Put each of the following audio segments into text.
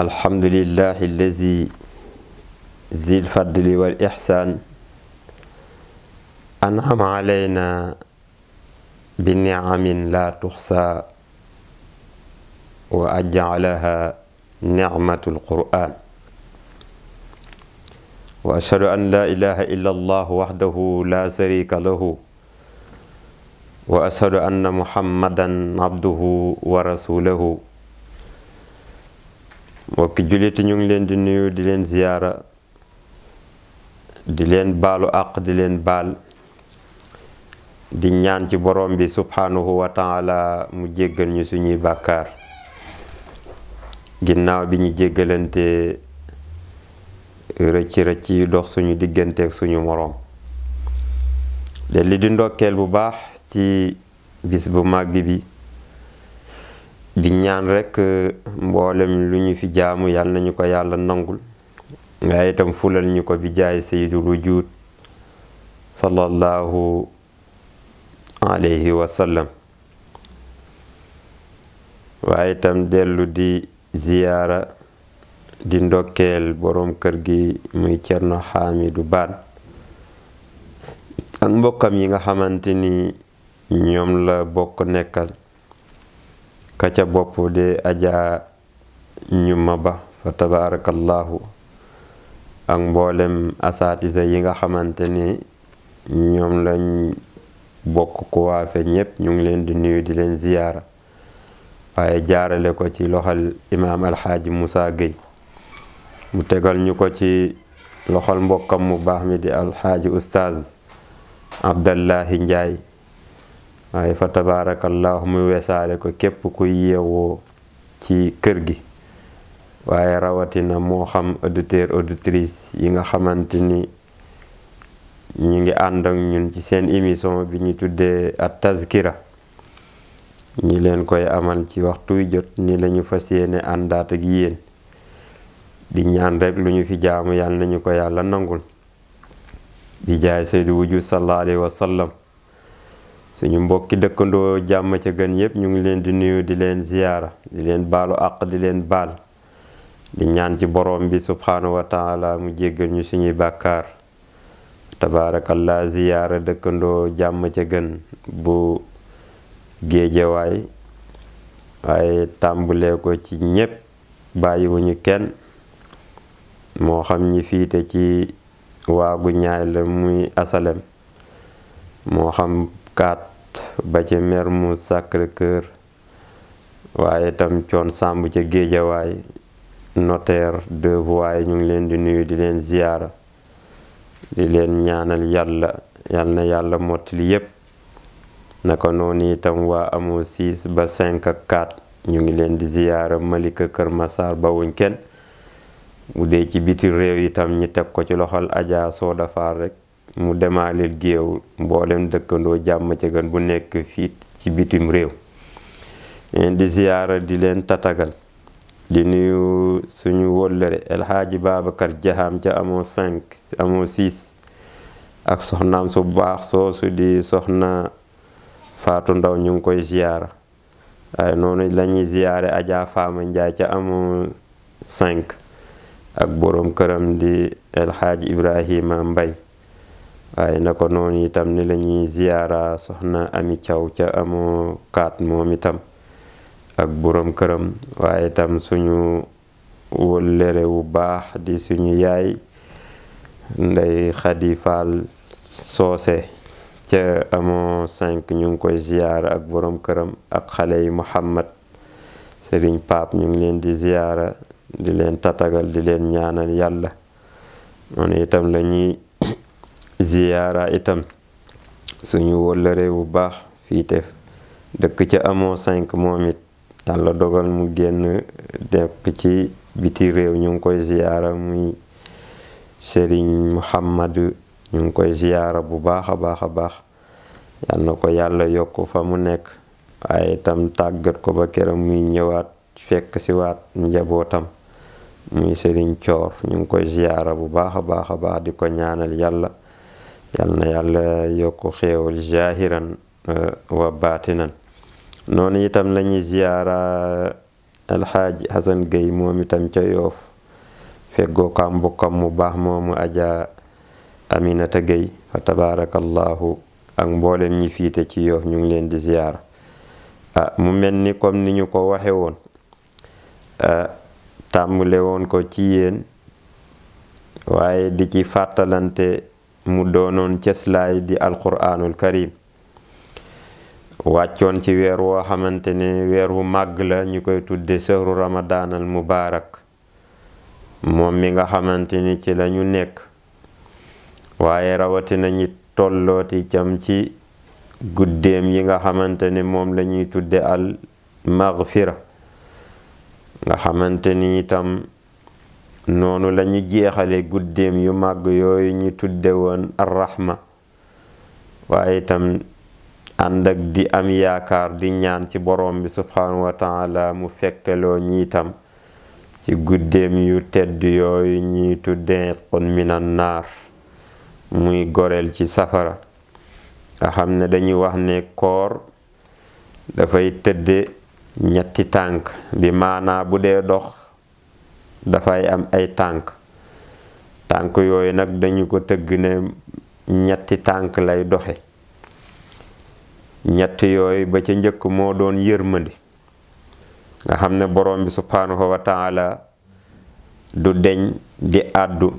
الحمد لله الذي ذي الفضل والإحسان أنعم علينا بنعم لا تحصى وأجعلها نعمة القرآن وأشهد أن لا إله إلا الله وحده لا شريك له وأشهد أن محمدا عبده ورسوله mbokki jullit ñu ngi leen di nuyu di leen ziyaara di leen baalu àq di leen baal di ñaan ci borom bi subhanahu wa taala mu jéggal ñu suñuy bàkkaar ginnaaw bi ñu jéggalante rëcc rëcc yu dox suñu digganteeg suñu moroom de li di ndokkeel bu baax ci bis bu màgg bi di ñaan rekk euh, mboolem lu ñu fi jaamu yàlla nañu ko yàlla nangul nga itam fulal ñu ko bi jaay sayyidul wujud sallallahu alayhi wa sallam dellu di ziyaara di ndokkeel boroom kër gi mu muy Cerno Xaamidu Baan ak mbokkam yi nga xamante ni ñoom la bokk nekkal ka ca bopp de aja ñu ma ba fa tabaarakallaahu ak mboolem asaatisa yi nga xamante ni ñoom lañ bokk ku waafe ñépp ñu ngi leen di nuyu di leen ziyaara waaye jaarale ko ci loxol imaam alxaaji Moussa Gueye mu tegal ñu ko ci loxol mbokkam mu baax mi di alxaaji ustaz Abdallahi Njaay ay fa tabarakallahu muy wesaale ko képp ku yeewoo ci kër gi waaye rawatina moo xam auditeur auditrice yi nga xamante ni ñu ngi ànd ak ñun ci seen émission bi ñu tuddee a taskira ñi leen koy amal ci waxtu jot ni lañu fas yéene àndaat ak yéen di ñaan rek lu ñu fi jaamu yàlla nañu ko yàlla nangul bi jaay saydu wujud sallallahu alayhi wa sallam ñu mbokki dëkkandoo jàmm ca gën yépp ñu ngi leen di nuyu di leen ziyaara di leen baalu àq di leen baal di ñaan ci borom bi subhaanahu wa mu jéggal ñu suñuy bàkkaar tabaarakallaa ziyaara dëkkandoo jàmm ca gën bu géejewaay waaye tàmbulee ko ci ñépp bàyyiwuñu kenn moo xam ñi fiite ci waagu ñaay la muy asalem moo xam kaat ba ci Mermoz Sacré-Cœur waaye tam coon sàmb ca géejawaay notaire de voies ñu ngi leen di nuyu di leen ziyaara di leen ñaanal yàlla yàlla na yàlla mottali yépp naka noonu itam waa amoo 6 ba 5 ak ñu ngi leen di ziyaara Malika Kër Massar ba wuñ kenn bu dee ci biti réew itam ñi teg ko ci loxol Adja Soda Fall rek mu demaaleel géew mboolem dëkkandoo jàmm ci gan bu nekk fii ci bitim réew eh, di ziyaara di leen tatagal di nuyu suñu wóllëre El Hadji Babacar Jaxam ca amoo cinq ak soxnaam su baax soosu di soxna Faatu Ndaw ñu ngi koy ziyaara waaye noonu lañuy ziyaare Ajaa Faama Njaay ca amoo cinq ak boroom këram di El Hadji Ibrahima Mbay waaye na ko noonu itam ni la ñuy ziyaara soxna ami caw ca amoo kaat moom itam ak borom këram waaye itam suñu wëllëre wu baax di suñu yaay ndey xadi faal soose ca amoo cinq ñu ngi koy ziyaara ak borom këram ak xale yi muhammad sëriñ paap ñu ngi leen di ziyaara di leen tatagal di leen ñaanal yàlla noonu itam lañuy ziyaara itam suñu wóllëre bu baax fii dëkk ci amoo cinq moom it yàlla dogal mu génn dekk ci biti réew ñu ngi koy ziyaara muy Serigne Muhammadu ñu ngi koy ziyaara bu baax a baax a baax yal na ko yàlla yokk fa mu nekk waaye itam tàggat ko ba këram muy ñëwaat fekk si waat njabootam muy Serigne Coor ñu ngi koy ziyaara bu baax a baax baax di ko ñaanal yàlla yal na yàlla yokku xéewal zahiran e, wa baatinan noonu itam lañuy ziyaara alxaaji Xasan Géy moom itam ca yoof feggoo kam baax moomu aja Aminata Géy fa tabaarakallaahu ak mboolem ñi fiite ci yoof ñu ngi leen di ziyaara ah mu mel ni comme ni ko waxe woon ah, tàmbale woon ko ci yéen waaye di mu doonoon cëslaay di alquraanul karim wàccoon ci weer woo xamante ne weeru màgg la ñu koy tudde sëhru ramadaanal mubarak moom mi nga xamante ni ci lañu nekk waaye rawatina ñi tollooti cam ci guddeem yi nga xamante ne moom lañuy tudde al maghfira nga xamante ni itam noonu lañuy jeexale guddeem yu màgg yooyu ñu tudde woon arrahma waaye itam ànd ak di am yaakaar di ñaan ci borom bi subhanahu wa taala mu fekkeloo ñi itam ci guddeem yu tedd yooyu ñuy tudde kon minan naar muy goreel ci safara nga xam ne dañuy wax ne koor dafay tëdde ñetti tànk bi maanaa bu dee dox dafay am ay tank tank yoy nak dañu ko teug ne ñetti tank lay doxé ñetti yoy ba ca ñeek mo doon yermandi nga xamne borom bi subhanahu wa ta'ala du deñ di addu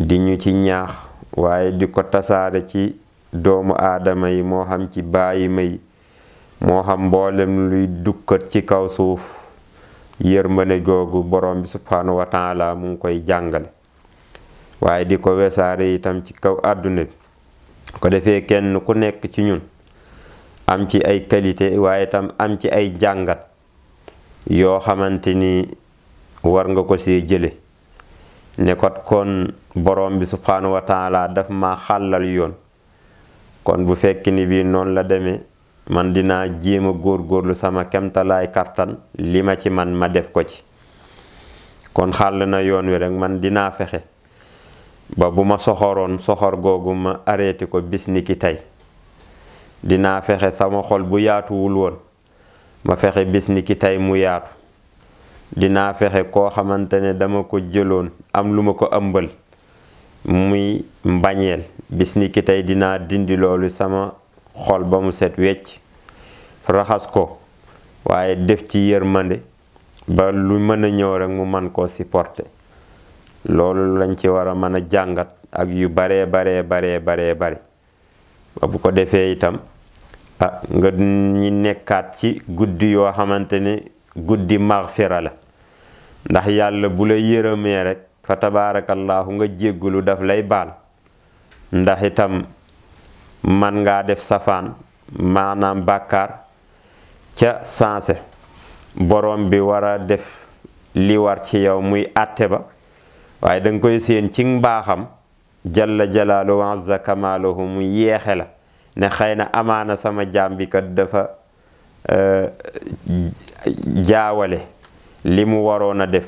di ñu ci ñaax waye di ko tassare ci doomu adama yi mo xam ci bayima yi mo xam mbollem luy dukkat ci kaw suuf yërmande googu borom bi subhaanahu wa taala mu ngi koy jàngale waaye di ko wesaare itam ci kaw àdduna bi ko defee kenn ku nekk ci ñun am ci ay qualité waaye itam am ci ay jàngat yoo xamante ni war nga ko see jële ne kot kon borom bi subhaanahu wa taala daf ma xàllal yoon kon bu fekk ni bii noonu la demee man dinaa jéema góorgóorlu sama kemtalaay kartan li ma ci man ma def ko ci kon xàll na yoon wi rek man dinaa fexe ba bu ma soxoroon soxor googu ma arrêté ko bis niki tey dinaa fexe sama xol bu yaatuwul woon ma fexe bis niki tey mu yaatu dinaa fexe koo xamante ne dama ko jëloon am lu ma ko ëmbal muy mbañeel bis niki tey dinaa dindi loolu sama xol ba mu set wecc raxas ko waaye def ci yërmande ba lu mën a ñëw rekk mu man koo supporter loolu lañ ci war a mën a jàngat ak yu bare bare baree baree bare bu ko defee itam ah nga ñi nekkaat ci guddi yoo xamante ne guddi maxfira la ndax yàlla bu la yërëmee rekk fa tabaarakallaahu nga jéggulu daf lay baal ndax itam man ngaa def safaan maanaam bàkkaar ca sanse boroom bi wara def li war ci yow muy àtte ba waaye danga koy séen ci mbaaxam jalla jalaaluhu wa azza kamaaluhu mu yeexe la ne xëy na amaana sama jaam bi kat dafa euh, jaawale li mu waroon a def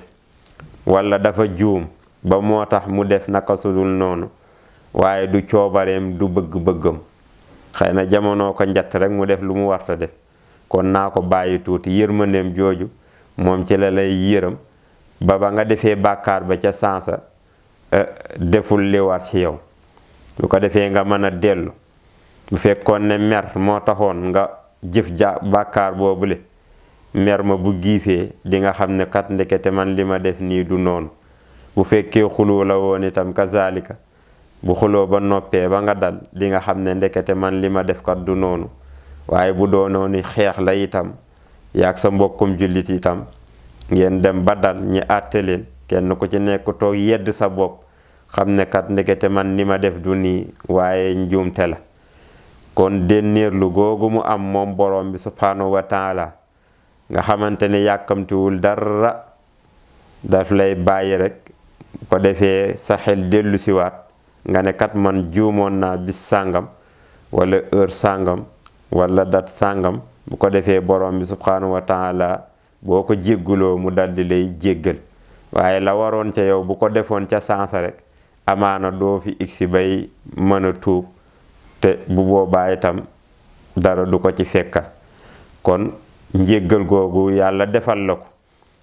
walla dafa juum ba moo tax mu def naka noonu waaye du coobareem du bëgg-bëggam xëy na jamono ko njatt rek mu def lu mu warta def kon naa ko bàyyi tuuti yërmandeem jooju moom ci la lay yërëm ba ba nga defee bàkkaar ba ca sansa eh, deful li war ci yow bu ko defee nga mën a dellu bu fekkoon ne mer moo taxoon nga jëf ja bàkkaar boobule mer ma bu giifee di nga xam ne kat ndekete man li ma def nii du noonu bu fekkee xuloo la woon itam kazalika bu xuloo ba noppee ba nga dal di nga xam ne ndekete man li ma def kat du noonu waaye bu doonoo ni xeex la itam yaag sa mbokkum jullit itam ngeen dem ba dal ñi àtte leen kenn ku ci nekk toog yedd sa bopp xam ne kat ndekete man li ma def du nii waaye njuumte la kon dénnéerlu googu mu am moom borom bi subhanahu wa taala nga xamante ne yàkkamtiwul dara daf lay bàyyi rekk ko defee sa xel dellu siwaat ngane kat man juumoon naa bis sàngam wala heure sàngam wala dat sàngam bu ko defee borom bi subhanahu wa taala boo ko jéggaloo mu dal di lay jéggal waaye la waroon ca yow bu ko defoon ca sens rek amaana doo fi igsi bay mën a tuub te bu boobaa itam dara du ko ci fekkal kon njéggal googu yàlla defal la ko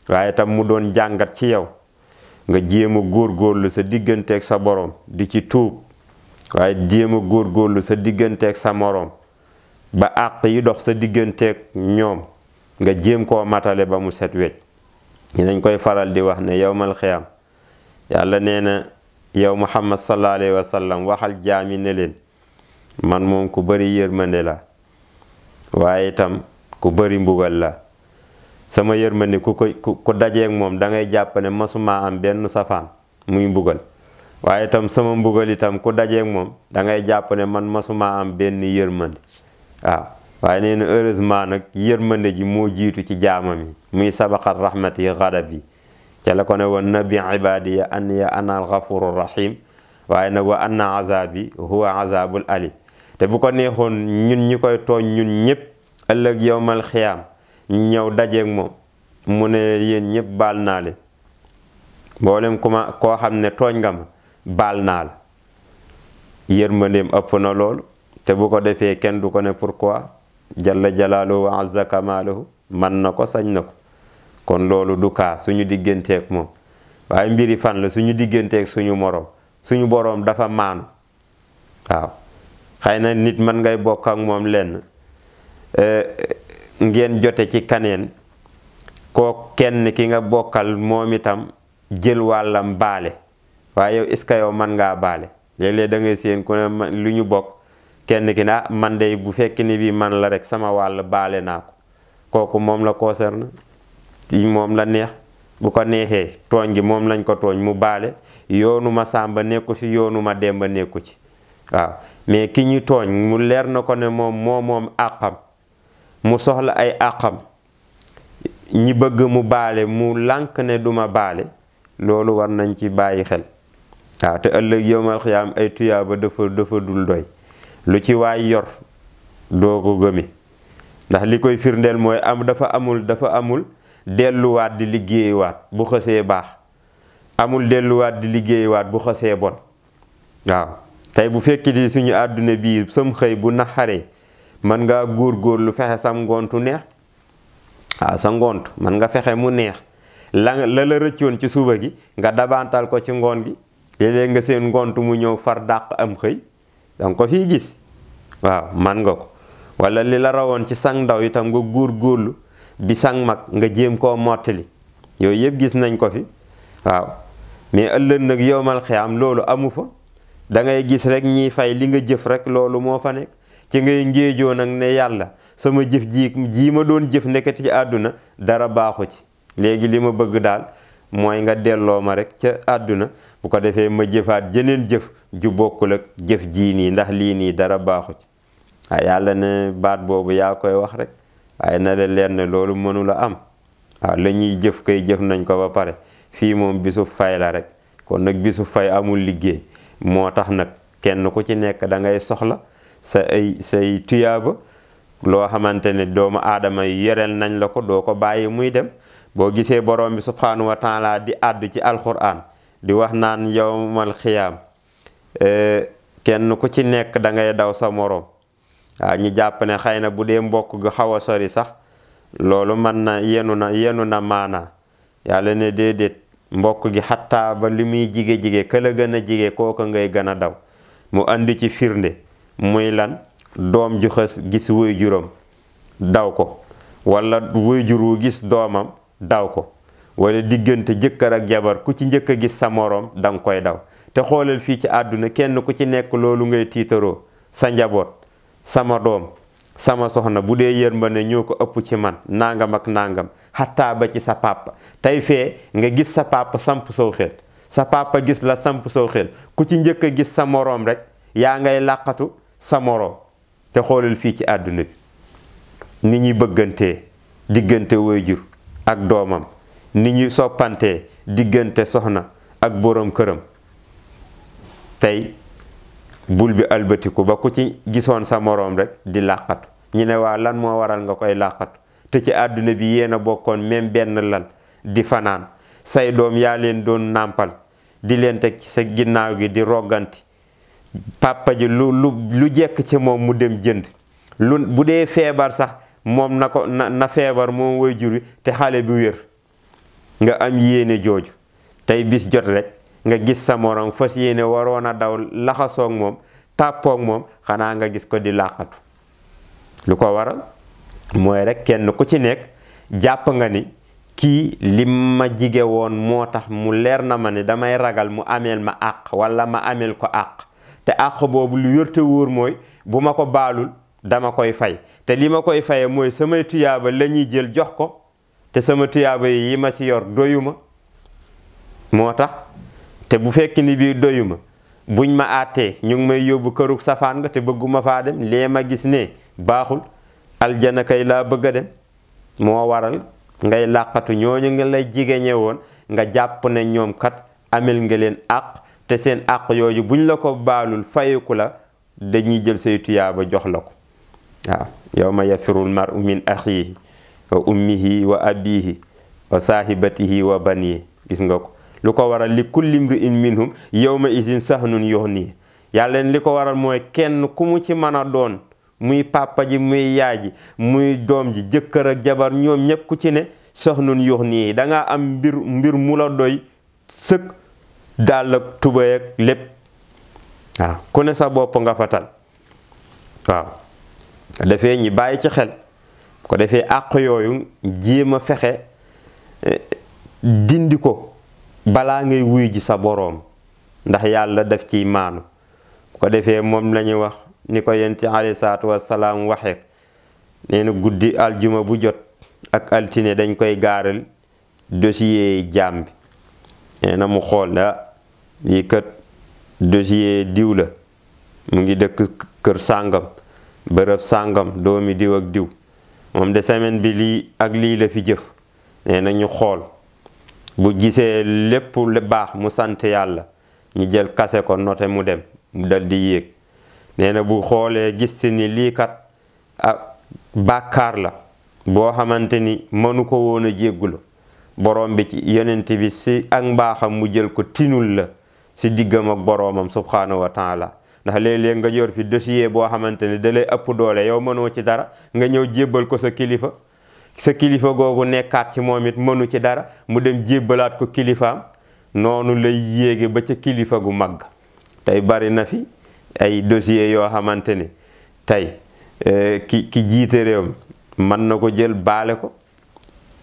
waaye itam mu doon jàngat ci yow nga jéem a góorgóorlu sa digganteeg sa boroom di ci tuub waaye jéem góor góorlu sa diggante digganteeg sa moroom ba àq yi dox sa digganteeg ñoom nga jéem koo matale ba mu set wecc dinañ koy faral di wax ne yowmal xiyam yàlla nee na yow muhammad sallallahu alayhi wa sallam waxal jaami ne leen man moom ku bari yërmande la waaye itam ku bari mbugal la sama yërmande ku ko ku moom da ngay jàpp ne am benn safaan muy mbugal waaye itam sama mbugal itam ku dajeeg moom da ngay jàpp ne man masumaa am benn yërmande waaw waaye nee na heureusement nag yërmande ji moo jiitu ci jaamam yi muy sabaqat rahmat yi xadab yi ca la ko ne ya an ya ana alxafuru rahim waaye nag wa anna azabi huwa azabul ali te bu ko neexoon ñun ñi koy tooñ ñun ñëpp ëllëg yowmal ñëw dajeeg moom mu ne yéen ñëpp baal naa leen mboolem kuma koo xam ne tooñ nga ma baal naa la yërmandeem ëpp na loolu te bu ko defee kenn du ko ne pourquoi jalla jalaaluhu wa azza kamaaluhu man na ko sañ na ko kon loolu du kaa suñu digganteeg moom waaye mbiri fan la suñu digganteeg suñu morom suñu borom dafa maanu waaw xëy na nit man ngay bokk ak moom lenn eh, ngeen jote ci kaneen ko kenn ki nga bokkal moom itam jël wàllam baale waaye yow est yow man ngaa baale léeg-léeg da ngay séen ku ne lu ñu bokk kenn ki ne ah man de bu fekk ni bii man la rek sama wàll baale naa ko kooku moom la concerne ci moom la neex bu ko neexee tooñ gi moom lañ ko tooñ mu baale yoonu ma sàmba nekku ci yoonu ma demba nekku ci waaw mais ki ñu tooñ mu leer na ko ne moom moo moom àqam mu soxla ay àqam ñi bëgg mu baale mu lànk ne duma baale loolu war nañ ci bàyyi xel waaw te ëllëg yowmal xiyaam ay tuyaaba dafa dafa dul doy lu ci waay yor doo ko gëme ndax li koy firndeel mooy am dafa amul dafa amul delluwaat di liggéeywaat bu xësee baax amul delluwaat di liggéeywaat bu xësee bon waaw tey bu fekki di suñu àdduna bii sam xëy bu naxaree mën ngaa góorgóorlu fexe sam ngoontu neex waaw sa ngoont mën nga fexe mu neex la la la rëccoon ci suba gi nga dabantal ko ci ngoon gi léeg nga seen ngoontu mu ñëw far dàq am xëy danga ko fii gis waaw man nga ko walla li la rawoon ci sang ndaw itam nga góorlu bi sang mag nga jéem koo mottali yooyu yëpp gis nañ ko fi waaw mais ëllëg nag yowmal xiyaam loolu amu fa dangay gis rek ñiy fay li nga jëf rek loolu moo fa nekk ci ngay ngéejoo nag ne yàlla sama jëf ji jii ma doon jëf nekkati ci àdduna dara baaxu ci léegi li ma bëgg daal mooy nga delloo ma rek ca àdduna bu ko defee ma jëfaat jëneen jëf ju bokkul ak jëf jii nii ndax lii nii dara baaxu ci waaye yàlla ne baat boobu yaa koy wax rek waaye na la leen ne loolu mënula am waaw la ñuy jëf kay jëf nañ ko ba pare fii moom bisu fay la rek kon nag bisu fay amul liggéey moo tax nag kenn ku ci nekk da ngay soxla sa ay say tuyaaba loo xamante ne doomu aadama yi yoreel nañ la ko doo ko bàyyi muy dem boo gisee borom bi subhanahu wa taala di àddu ci alquran di wax naan yowmal xiyaam e, kenn ku ci nekk dangay daw sa morom waaw ñi jàpp ne xëy na bu dee mbokk gu xaw a sori sax loolu mën na yenu na yenu na maanaa yàlla ne déedéet mbokk gi xattaa ba li muy jige jige këla gën a jige kooka ngay gën a daw mu indi ci firnde muy lan doom ju xës gis waajuram daw ko wala jur wu gis doomam daw ko wala diggante jëkkër ak jabar ku ci njëkk a gis sa moroom da nga koy daw te xoolal fii ci àdduna kenn ku ci nekk loolu ngay tiitaroo sa njaboot sama doom sama soxna bu dee yërmande ñoo ko ëpp ci man nangam ak nangam xattaa ba ci sa papa tey nga gis sa papa samp saw gis la samp ku ci njëkk a gis sa moroom rek yaa ngay làqatu sa moroom te xoolal fii ci àdduna bi ni ñuy bëggantee diggante waajur ak doomam ni ñuy soppantee diggante soxna ak boroom këram tey bul bi albatiku ba ku ci gisoon sa moroom rekk di làqatu ñu ne lan moo waral nga koy làqatu te ci àdduna bi yéen a bokkoon même benn lal di fanaan say doom yaa leen doon nàmpal di leen teg ci sa ginnaaw gi di rogganti papa ji lu lu lu jekk ci moom mu dem jënd lu bu dee feebar sax moom na ko na feebar moom way jur wi te xale bu wér nga am yéene jooju tey bis jot rek nga gis sa morom fas yéene waroon a daw laxasoog moom tàppoog moom xanaa nga gis ko di làqatu lu ko waral mooy rekk kenn ku ci nekk jàpp nga ni kii lim ma jige woon moo tax mu leer na ma ni damay ragal mu ameel ma àq walla ma ameel ko àq te àq boobu lu wér wóor mooy bu ma ko baalul dama koy fay te li ma koy faye mooy samay tuyaaba lañuy jël jox ko te sama tuyaaba yi yi ma ci yor doyu ma moo tax te bu fekk ni biir doyu ma buñ ma àttee ñu may yóbbu kërug safaan nga te bëgguma faa dem lee ma gis ne baaxul aljana kay laa bëgg a dem moo waral ngay làqatu ñooñu nga lay jigéñe woon nga jàpp ne ñoom kat amel nga leen àq te seen àq yooyu buñ la ko baalul fayeku la dañuy jël say tuyaaba jox la ko waaw yawma yafirul mar'u min axiihi wa ummihi wa abiihi wa saahibatihi wa baniihi gis nga ko lu ko waral li kulli imri'in ma yawma idin sahnun yuxnii yàlla li ko waral mooy kenn ku mu ci mën a doon muy papa ji muy yaay ji muy doom ji jëkkër ak jabar ñoom ñépp ku ci ne sahnun yuxnii da nga am mbir mbir mu la doy sëkk dàll ak tubéy lépp waaw ku ne sa bopp nga fa tal waaw defee ñi bàyyi ci xel ko defee àq yooyu jéem fexe eh, dindi ko balaa ngay wuy ji sa boroom ndax yàlla def ciy maanu ko defee moom lañuy wax ni ko yonent alayhi salaatu wasalaam waxee neena guddi aljuma bu jot ak altine dañ koy gaaral dossier jaam bi nee na mu xool ah yi kat dossier diw la mu ngi dëkk kër sàngam bërëb sàngam doomi diw ak diw moom de semaine bi lii ak lii la fi jëf nee ñu xool bu gisee lépp lu baax mu sant yàlla ñu jël kase ko note mu dem mu dal di yéeg nee bu xoolee gis si ni lii kat ak ah, bàkkaar la boo xamante ni mënu ko woon a jéggulu boroom bi ci yonent bi si ak mbaaxam mu jël ko tinul la si diggam ak boroomam subhaanahu wa taala ndax léeg-léeg nga yor fi dossier boo xamante ne da lay ëpp doole yow mënoo ci dara nga ñëw jébbal ko sa kilifa sa kilifa googu nekkaat ci moom it mënu ci dara mu dem jébbalaat ko kilifaam noonu lay yéege ba ca kilifa gu mag tey bari na fi ay dossier yoo xamante ni tey e, ki ki jiite réew mën na ko jël baale ko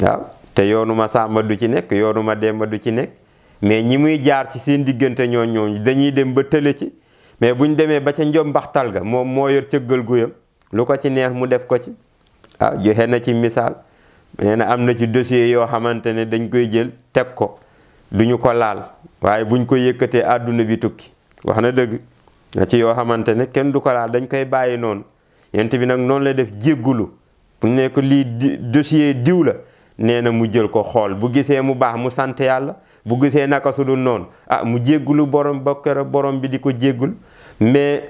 waaw te yoonu ma sàmba du ci nekk yoonu ma demba du ci nekk mais ñi muy jaar ci seen diggante ñoo ñooñu dañuy dem ba tële ci mais buñ demee ba ca njombaxtal ga moom moo yor cëggal guyam lu ko ci neex mu def ko ci ah joxe na ci misaal nee na am na ci dossier yoo xamante ne dañ koy jël teg ko duñu ko laal waaye buñ ko yëkkatee àdduna bi tukki wax na dëgg na ci yoo xamante ne kenn du ko laal dañ koy bàyyi noonu yent bi nag noonu la def jéggulu bu nekk ko lii dossier diw la nee na mu jël ko xool bu gisee mu baax mu sant yàlla bu gisee naka su noon noonu ah mu jéggulu borom ba keroog borom bi di ko jéggul mais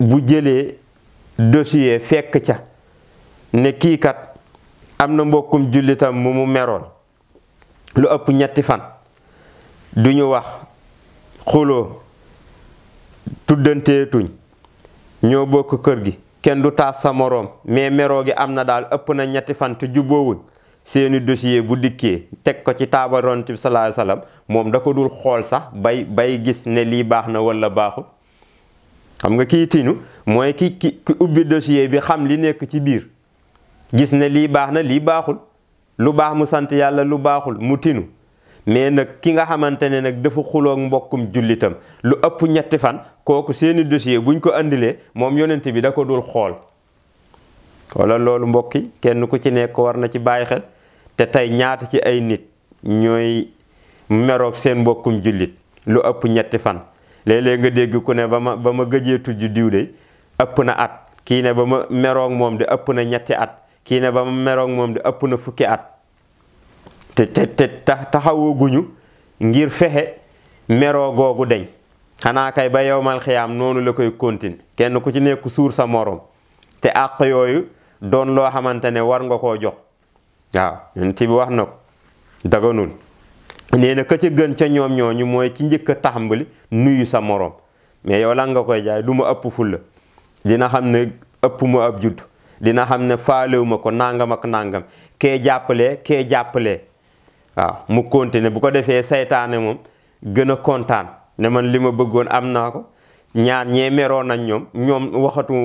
bu jëlee dossier fekk ca ne kii kat am na mbokkum jullitam mu mu meroon lu ëpp ñetti fan du ñu wax xuloo tuddanteetuñ ñoo bokk kër gi kenn du taas sa moroom mais meroo gi am na daal ëpp na ñetti fan te jubboowuñ seeni dossier bu dikkee teg ko ci taabal Yonent bi sallallahu moom da ko dul xool sax bay bay gis ne lii baax na wala baaxul xam nga kii tinu mooy ki ki ubbi dossier bi xam li nekk ci biir gis ne lii baax na lii baaxul lu baax mu sant yàlla lu baaxul mu tinu mais nag ki nga xamante ne nag dafa xuloog mbokkum jullitam lu ëpp ñetti fan kooku seeni dossier buñ ko indilee moom yonent bi da ko dul xool wala loolu mbokki kenn ku ci nekk war na ci bàyyi xel te tey ñaata ci ay nit ñooy meroog seen mbokkum jullit lu ëpp ñetti fan léeg-léeg nga dégg ku ne ba ma ba ma gëjee tudd diw de ëpp na at kii ne ba ma meroog moom de ëpp na ñetti at kii ne ba moom de ëpp na fukki at te te te taxawooguñu ngir fexe meroo googu deñ xanaa kay ba yowmal xiyaam noonu la koy continue kenn ku ci nekk suur sa morom te àq yooyu doon loo xamante ne war nga koo jox waaw yonent bi wax na ko daganul nee na ka ca gën ca ñoom ñooñu mooy ki njëkk a taxambali nuyu sa moroom mais yow nga koy jaay du ma ëpp fulla dina xam ne ëpp ma ab judd dina xam ne faalewu ko nangam ak nangam kee jàppale kee jàppale waaw mu continuer bu ko defee saytaane moom gën a kontaan ne man li ma bëggoon am naa ko ñaar ñee meroon ñoom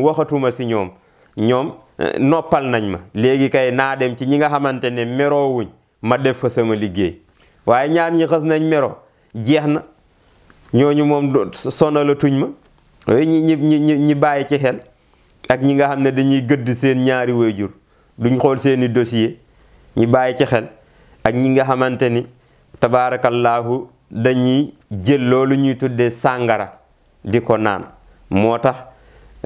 waxatuma si ñoom ñoom eh, noppal nañ ma léegi kay naa dem ci ñi nga xamante ne merowuñ ma def fa sama liggéey waaye ñaar ñi xas nañ mero jeex na ñooñu moom sonalatuñ ma ñi ñi ñi ñi bàyyi ci xel ak ñi nga xam ne dañuy gëdd seen ñaari wayjur duñ xool seeni dossier ñi bàyyi ci xel ak ñi nga xamante ni tabaarakallaahu dañuy jël loolu ñuy tuddee sàngara di ko naan moo tax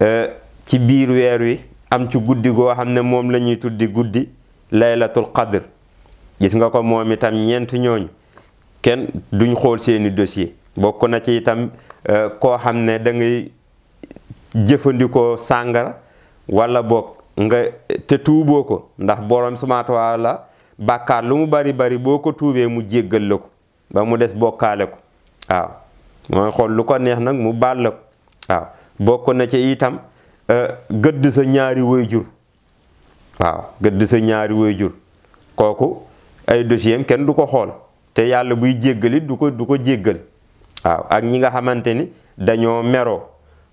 eh, ci biir weer wi am ci guddi goo xam ne moom la ñuy tuddi guddi laylatul qadr gis nga ko moom itam ñeenti ñooñu kenn duñ xool seeni dossier bokk na ci itam euh, koo xam ne dangay jëfandikoo sàngara walla boog nga te tuuboo ko ndax borom subhaanahu wa taala lu mu bari bari boo ko tuubee mu jéggal la ko ba mu des bokkaale ko waaw mooy xool lu ko neex nag mu baal la ko waaw bokk na ci itam Euh, gëdd sa ñaari jur waaw gëdd sa ñaari jur kooku ay dossier kenn du ko xool te yàlla buy jéggali du ko du ko jéggal waaw ak ñi nga xamante ni dañoo meroo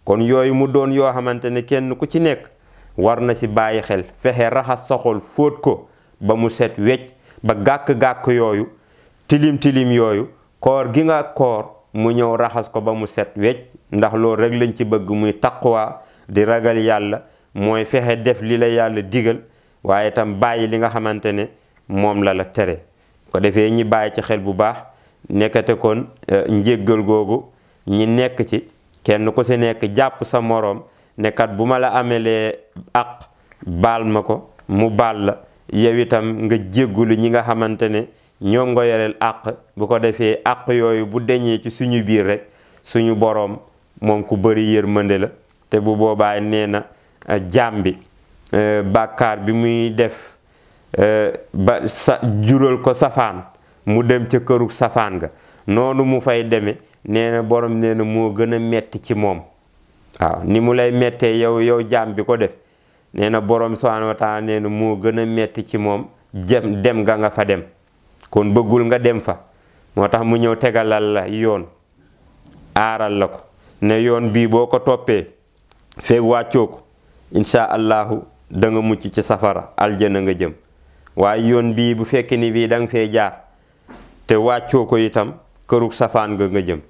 kon yooyu mu doon yoo xamante ne kenn ku ci nekk war na ci bàyyi xel fexe raxas sa xol fóot ko ba mu set wecc ba gàkk-gàkk yooyu tilim tilim yooyu koor gi nga koor mu ñëw raxas ko ba mu set wecc ndax loolu rek lañ ci bëgg muy taqwa di ragal yàlla mooy fexe def li la yàlla digal waaye itam bàyyi li nga xamante ne moom la la tere ko defee ñi bàyyi ci xel bu baax nekkate kon euh, njéggal googu ñi nekk ci kenn ku si nekk jàpp sa moroom nekkat bu ma la amelee àq baal ma ko mu baal la yow itam nga lu ñi nga xamante ne ñoom nga yoreel àq bu ko defee àq yooyu bu deñee ci suñu biir rekk suñu boroom moom ku bari yër mënde la te bu boobaa nee na eh, jaam bi eh, bàkkaar bi muy def eh, ba sa ko safaan mu dem ca këru safaan ga noonu mu fay deme nee na borom moo gën a metti ci moom waaw ni mu lay mettee yow yow jaam bi ko def nee borom subhaanahu moo gën a metti ci moom jëm dem nga nga fa dem kon bëggul nga dem fa moo tax mu ñëw tegalal la yoon aaral la ko ne yoon bii boo ko toppee feeg wàccoo ko incha allahu da mucc ci safara aljana nga jëm waaye yoon bii bu fekkee ni bii danga nga fee jaar te wàccoo ko itam kërug safaan nga nga jëm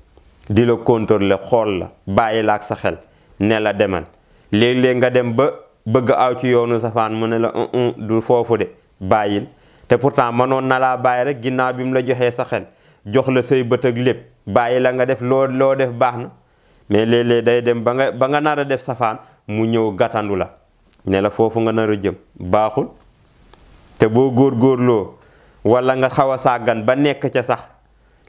di la contrôler xool la bàyyi la ak sa xel ne la demal léeg-léeg nga dem ba bëgg aw ci yoonu safaan mu ne la du foofu de bàyyil te pourtant mënoon na laa bàyyi rek ginnaaw bi mu la joxee sa xel jox la say bët ak lépp bàyyi la nga def loo loo def baax na mais léeg-léeg day dem ba nga ba nga nar a def safaan mu ñëw gàttandu la ne la foofu nga nar a jëm baaxul te boo góor góorgóorloo walla nga xaw a sàggan ba nekk ca sax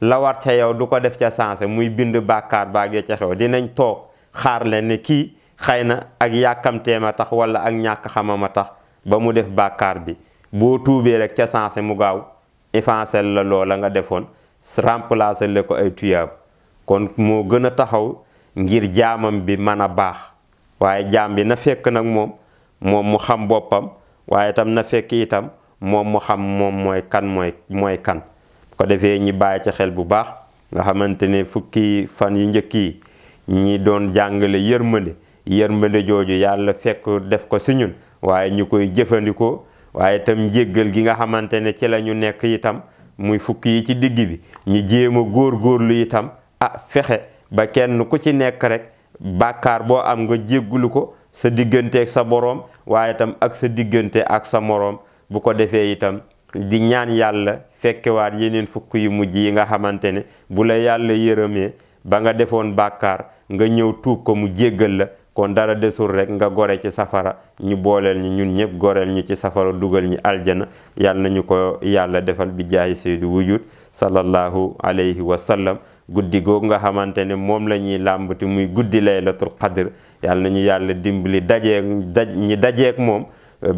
lawar ca yow du ko def ca sansé muy bind bàkkaar baagee ca xew dinañ toog xaar leen ne kii xëy na ak yàkkamteema tax walla ak ñàkk xamama tax ba mu def bàkkaar bi boo tuubee rek ca sansé mu gaaw effacel la loola nga defoon remplacer le ko ay tuyaab kon moo gën a taxaw ngir jaamam bi mën a baax waaye jaam bi na fekk nag moom moom mu xam boppam waaye itam na fekk itam moom mu xam moom mooy kan mooy kan ko defee ñi bàyyi ci xel bu baax nga xamante ne fukki fan yi njëkk yi ñi doon jàngale yërmande yërmande jooju yàlla fekk def ko si ñun waaye ñu koy jëfandikoo waaye itam jéggal gi nga xamante ne ci la ñu nekk itam muy fukki yi ci digg bi ñu jéem a góor góorlu itam ah fexe ba kenn ku ci nekk rek bàkkaar boo am nga jéggulu ko sa diggante ak sa boroom waaye itam ak sa diggante ak sa moroom bu ko defee itam di ñaan yàlla fekkewaat yeneen fukk yu mujj yi nga xamante ne bu la yàlla yërëmee ba nga defoon bàkkaar nga ñëw tuub ko mu jéggal la kon dara desul rek nga gore ci safara ñu booleel ñi ñun ñëpp goreel ñi ci safara dugal ñi aljana yàlla nañu ko yàlla defal bi jaayi saydu wujud sallallahu alayhi wa sallam guddi googu nga xamante ne moom la ñuy làmbati muy guddi laylatul qadr yàlla nañu yàlla dimbali dajeek daj ñi dajeeg moom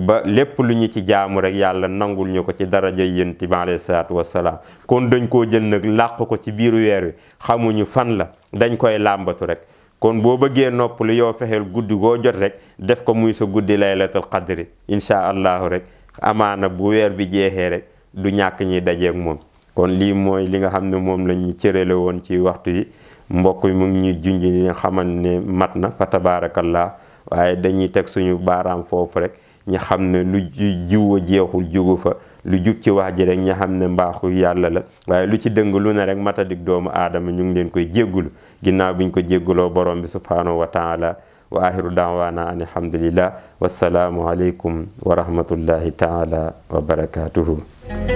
ba lépp lu ñu ci jaamu rek yàlla nangul ñu ko ci daraja yonent bi alayhi salaatu wasalaam kon dañ koo jël nag làq ko ci biiru weer wi xamuñu fan la dañ koy làmbatu rek kon boo bëggee nopp li yoo fexeel guddi goo jot rek def ko muy sa guddi laylatul qadri incha allahu rek amaana bu weer bi jeexee rek du ñàkk ñuy dajeeg moom kon lii mooy li nga xam ne moom lañu cërale woon ci waxtu yi mbokk yi mu ngi ñuy junj li nga xamal ne mat na fa tabaarakallaa waaye dañuy teg suñu baaraam foofu rek ña xam ne lu jiw jeexul jugu fa lu jub ci wax ji rek ñi xam ne mbaaxu yàlla la waaye lu ci dëng lu ne rek matadik doomu aadama ñu ngi leen koy jéggulu ginnaaw bi ñu ko jégguloo borom bi subhaanahu wa taala wa ahiru daawaana an alhamdulillah wassalaamu aleykum wa rahmatullahi taala wa